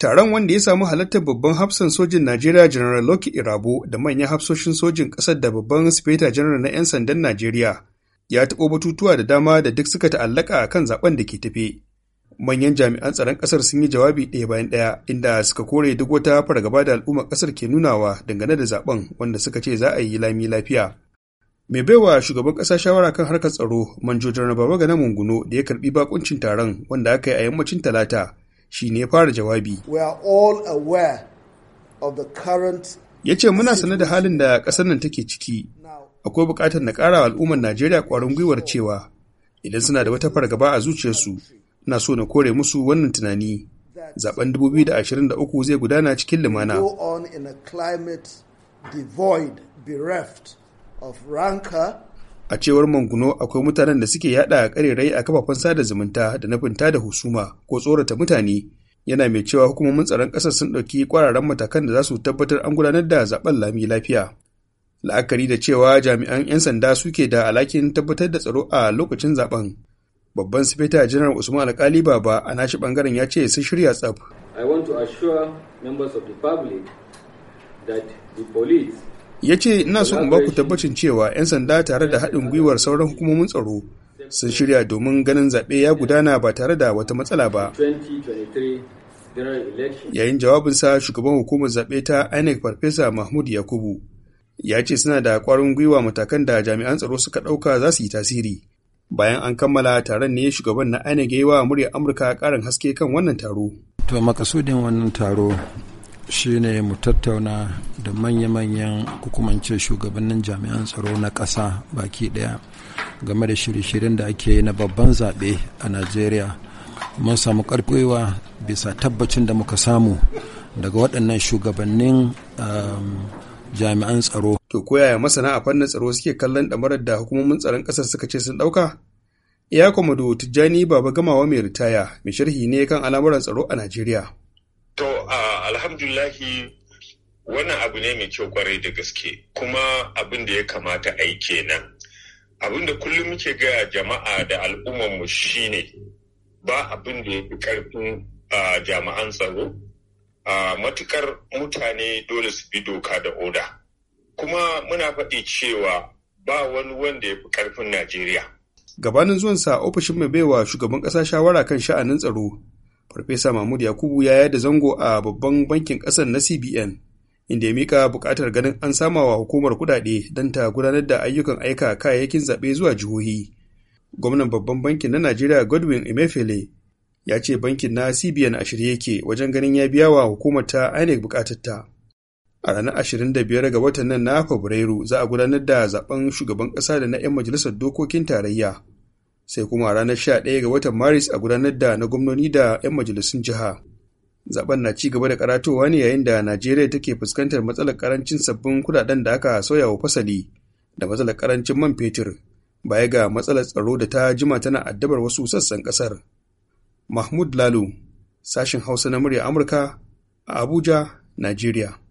Taron wanda ya samu halartar babban hafsan sojin Najeriya General Loki Irabo da manyan hafsoshin sojin ƙasar da babban sifeta General na 'yan sandan Najeriya ya taɓo batutuwa da dama da duk suka ta'allaka a kan zaɓen da ke tafe. Manyan jami'an tsaron ƙasar sun yi jawabi ɗaya bayan ɗaya inda suka kore duk wata fargaba da al'ummar ƙasar ke nunawa dangane da zaɓen wanda suka ce za a yi lami lafiya. Mai baiwa shugaban ƙasa shawara kan harkar tsaro Manjo Janar Babagana Munguno da ya karɓi bakuncin taron wanda aka yi a yammacin Talata shi ne fara jawabi. Ya ce muna sane da halin da ƙasar nan take ciki, akwai buƙatar na ƙara al'ummar Najeriya ƙwarin gwiwar cewa idan suna da wata fargaba a zuciyarsu, na so na kore musu wannan tunani. Zaben 2023 zai gudana cikin lumana. of rancor a cewar manguno akwai mutanen da suke yada karerai a kafafen sada zumunta da nufin da husuma ko tsorata mutane yana mai cewa hukumomin tsaron ƙasar sun ɗauki kwararan matakan da za su tabbatar an gudanar da zaben lami lafiya la'akari da cewa jami'an 'yan sanda suke da alhakin tabbatar da tsaro a lokacin zaben babban sifeta janar usman alkali baba a nashi bangaren ya ce sun shirya tsaf i want to assure members of the public that the police ya ce ina so in ba ku tabbacin cewa 'yan sanda tare da haɗin gwiwar sauran hukumomin tsaro sun shirya domin ganin zaɓe ya gudana ba tare da wata matsala ba yayin jawabinsa shugaban hukumar zaɓe ta inec farfesa mahmud yakubu ya ce suna da ƙwarin gwiwa matakan da jami'an tsaro suka ɗauka za su yi tasiri bayan an kammala taron ne shugaban na inec ya yi wa muryar amurka ƙarin haske kan wannan taro to makasudin wannan taro shine mu tattauna da manya-manyan hukumance shugabannin jami'an tsaro na ƙasa baki ɗaya game da shirye-shiryen da ake yi na babban zaɓe a najeriya mun samu ƙarfewa bisa tabbacin da muka samu daga waɗannan shugabannin um, jami'an tsaro to koyaya masana a fannin tsaro suke kallon ɗamarar da hukumomin tsaron ƙasar suka ce sun ɗauka iya kwamado tijjani baba gamawa mai ritaya mai sharhi ne kan al'amuran tsaro a najeriya To alhamdulahi wannan abu ne mai kyau kwarai da gaske kuma abin da ya kamata a yi kenan. Abin da kullum muke gaya jama'a da shi shine ba abin da ya fi ƙarfin jama'an tsaro matukar mutane dole su bi doka da oda. Kuma muna faɗi cewa ba wani wanda ya fi ƙarfin Najeriya. Gabanin zuwansa ofishin mai baiwa shugaban ƙasa shawara kan sha'anin tsaro Farfesa Mahmud Yakubu ya yada zango a babban bankin ƙasar na CBN, inda ya mika buƙatar ganin an sama wa hukumar kuɗaɗe don ta gudanar da ayyukan aika kayayyakin zaɓe zuwa jihohi. Gwamnan babban bankin na Najeriya Godwin Emefiele ya ce bankin na CBN a shirye yake wajen ganin ya biya wa hukumar ta INEC ta, A ranar 25 ga watan nan na Fabrairu za a gudanar da zaɓen shugaban ƙasa da na 'yan majalisar dokokin tarayya. sai kuma ranar sha ɗaya ga watan maris a gudanar da na gwamnoni da 'yan majalisun jiha zaben na ci gaba da karatowa ne yayin da najeriya take fuskantar matsalar karancin sabbin kudaden da aka soya wa fasali da matsalar karancin man fetur baya ga matsalar tsaro da ta jima tana addabar wasu sassan kasar mahmud lalu sashin hausa na murya amurka a abuja najeriya